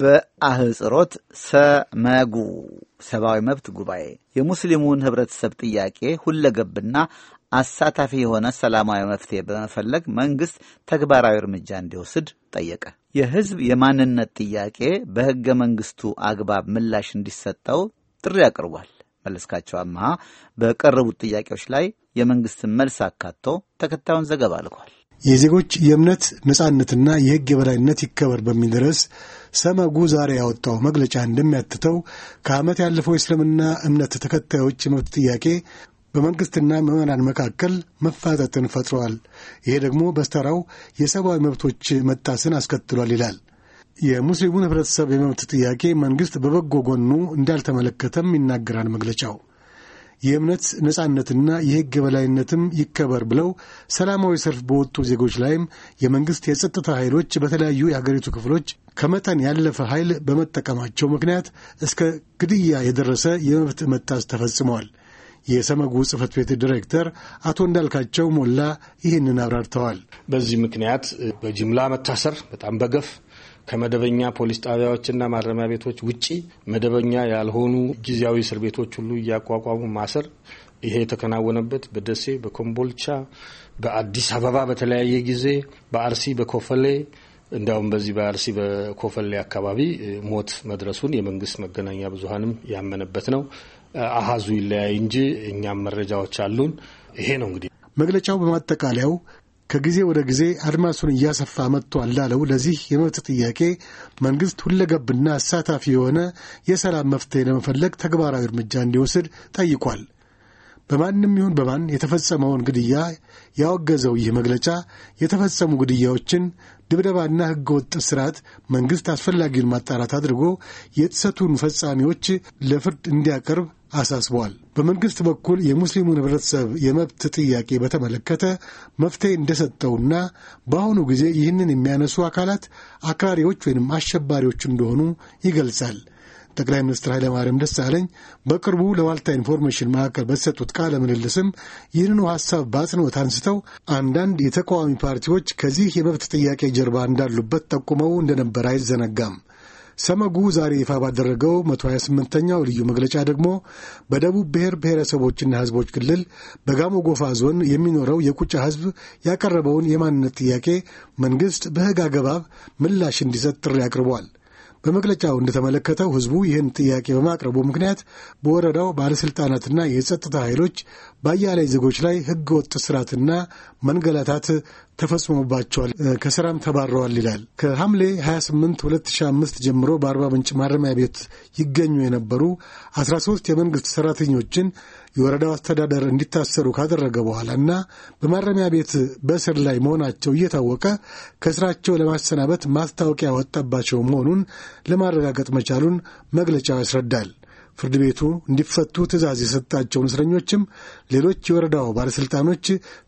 በአህጽሮት ሰመጉ ሰብአዊ መብት ጉባኤ የሙስሊሙን ህብረተሰብ ጥያቄ ሁለገብና አሳታፊ የሆነ ሰላማዊ መፍትሄ በመፈለግ መንግሥት ተግባራዊ እርምጃ እንዲወስድ ጠየቀ። የህዝብ የማንነት ጥያቄ በሕገ መንግሥቱ አግባብ ምላሽ እንዲሰጠው ጥሪ አቅርቧል። መለስካቸው አመሃ በቀረቡት ጥያቄዎች ላይ የመንግሥትን መልስ አካቶ ተከታዩን ዘገባ ልኳል። የዜጎች የእምነት ነጻነትና የሕግ የበላይነት ይከበር በሚል ርዕስ ሰመጉ ዛሬ ያወጣው መግለጫ እንደሚያትተው ከዓመት ያለፈው የእስልምና እምነት ተከታዮች የመብት ጥያቄ በመንግስትና ምዕመናን መካከል መፋጠጥን ፈጥሯል። ይሄ ደግሞ በስተራው የሰብአዊ መብቶች መጣስን አስከትሏል ይላል። የሙስሊሙን ህብረተሰብ የመብት ጥያቄ መንግስት በበጎ ጎኑ እንዳልተመለከተም ይናገራል መግለጫው። የእምነት ነጻነትና የሕግ የበላይነትም ይከበር ብለው ሰላማዊ ሰልፍ በወጡ ዜጎች ላይም የመንግሥት የጸጥታ ኃይሎች በተለያዩ የአገሪቱ ክፍሎች ከመጠን ያለፈ ኃይል በመጠቀማቸው ምክንያት እስከ ግድያ የደረሰ የመብት መጣስ ተፈጽመዋል። የሰመጉ ጽህፈት ቤት ዲሬክተር አቶ እንዳልካቸው ሞላ ይህንን አብራርተዋል። በዚህ ምክንያት በጅምላ መታሰር በጣም በገፍ ከመደበኛ ፖሊስ ጣቢያዎችና ማረሚያ ቤቶች ውጪ መደበኛ ያልሆኑ ጊዜያዊ እስር ቤቶች ሁሉ እያቋቋሙ ማሰር ይሄ የተከናወነበት በደሴ፣ በኮምቦልቻ፣ በአዲስ አበባ በተለያየ ጊዜ፣ በአርሲ፣ በኮፈሌ እንዲያውም በዚህ በአርሲ በኮፈሌ አካባቢ ሞት መድረሱን የመንግስት መገናኛ ብዙሀንም ያመነበት ነው። አሀዙ ይለያይ እንጂ እኛም መረጃዎች አሉን። ይሄ ነው እንግዲህ መግለጫው በማጠቃለያው ከጊዜ ወደ ጊዜ አድማሱን እያሰፋ መጥቷል ላለው ለዚህ የመብት ጥያቄ መንግሥት ሁለገብና አሳታፊ የሆነ የሰላም መፍትሄ ለመፈለግ ተግባራዊ እርምጃ እንዲወስድ ጠይቋል። በማንም ይሁን በማን የተፈጸመውን ግድያ ያወገዘው ይህ መግለጫ የተፈጸሙ ግድያዎችን፣ ድብደባና ህገወጥ ስርዓት መንግሥት አስፈላጊውን ማጣራት አድርጎ የጥሰቱን ፈጻሚዎች ለፍርድ እንዲያቀርብ አሳስቧል። በመንግስት በኩል የሙስሊሙን ህብረተሰብ የመብት ጥያቄ በተመለከተ መፍትሄ እንደሰጠውና በአሁኑ ጊዜ ይህንን የሚያነሱ አካላት አክራሪዎች ወይም አሸባሪዎች እንደሆኑ ይገልጻል። ጠቅላይ ሚኒስትር ኃይለማርያም ደሳለኝ በቅርቡ ለዋልታ ኢንፎርሜሽን መካከል በተሰጡት ቃለ ምልልስም ይህንኑ ሀሳብ በአጽንኦት አንስተው አንዳንድ የተቃዋሚ ፓርቲዎች ከዚህ የመብት ጥያቄ ጀርባ እንዳሉበት ጠቁመው እንደነበር አይዘነጋም። ሰመጉ ዛሬ ይፋ ባደረገው 128ኛው ልዩ መግለጫ ደግሞ በደቡብ ብሔር ብሔረሰቦችና ህዝቦች ክልል በጋሞ ጎፋ ዞን የሚኖረው የቁጫ ህዝብ ያቀረበውን የማንነት ጥያቄ መንግሥት በሕግ አገባብ ምላሽ እንዲሰጥ ጥሪ አቅርቧል። በመግለጫው እንደተመለከተው ህዝቡ ይህን ጥያቄ በማቅረቡ ምክንያት በወረዳው ባለሥልጣናትና የጸጥታ ኃይሎች በአያሌ ዜጎች ላይ ህገ ወጥ ስርዓትና መንገላታት ተፈጽሞባቸዋል፣ ከስራም ተባረዋል ይላል። ከሐምሌ 28 2005 ጀምሮ በአርባ ምንጭ ማረሚያ ቤት ይገኙ የነበሩ 13 የመንግሥት ሠራተኞችን የወረዳው አስተዳደር እንዲታሰሩ ካደረገ በኋላና በማረሚያ ቤት በእስር ላይ መሆናቸው እየታወቀ ከስራቸው ለማሰናበት ማስታወቂያ ወጣባቸው መሆኑን ለማረጋገጥ መቻሉን መግለጫው ያስረዳል። ፍርድ ቤቱ እንዲፈቱ ትእዛዝ የሰጣቸውን እስረኞችም ሌሎች የወረዳው ባለሥልጣኖች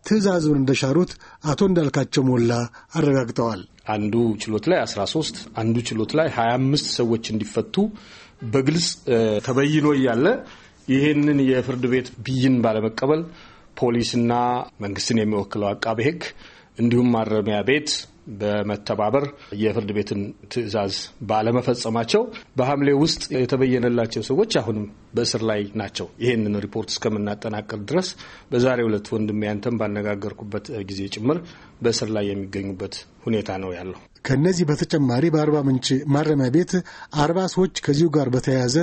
ትእዛዙን እንደሻሩት አቶ እንዳልካቸው ሞላ አረጋግጠዋል። አንዱ ችሎት ላይ 13 አንዱ ችሎት ላይ 25 ሰዎች እንዲፈቱ በግልጽ ተበይኖ እያለ ይህንን የፍርድ ቤት ብይን ባለመቀበል ፖሊስና መንግስትን የሚወክለው አቃቤ ሕግ እንዲሁም ማረሚያ ቤት በመተባበር የፍርድ ቤትን ትዕዛዝ ባለመፈጸማቸው በሐምሌ ውስጥ የተበየነላቸው ሰዎች አሁንም በእስር ላይ ናቸው። ይህንን ሪፖርት እስከምናጠናቀር ድረስ በዛሬ ሁለት ወንድም ያንተን ባነጋገርኩበት ጊዜ ጭምር በእስር ላይ የሚገኙበት ሁኔታ ነው ያለው። ከእነዚህ በተጨማሪ በአርባ ምንጭ ማረሚያ ቤት አርባ ሰዎች ከዚሁ ጋር በተያያዘ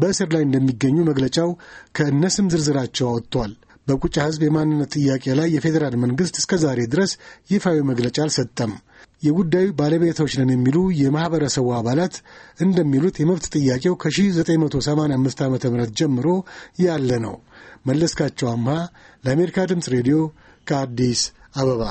በእስር ላይ እንደሚገኙ መግለጫው ከእነስም ዝርዝራቸው አወጥቷል። በቁጫ ህዝብ የማንነት ጥያቄ ላይ የፌዴራል መንግስት እስከ ዛሬ ድረስ ይፋዊ መግለጫ አልሰጠም። የጉዳዩ ባለቤቶች ነን የሚሉ የማኅበረሰቡ አባላት እንደሚሉት የመብት ጥያቄው ከ1985 ዓ ም ጀምሮ ያለ ነው። መለስካቸው አምሃ ለአሜሪካ ድምፅ ሬዲዮ ከአዲስ አበባ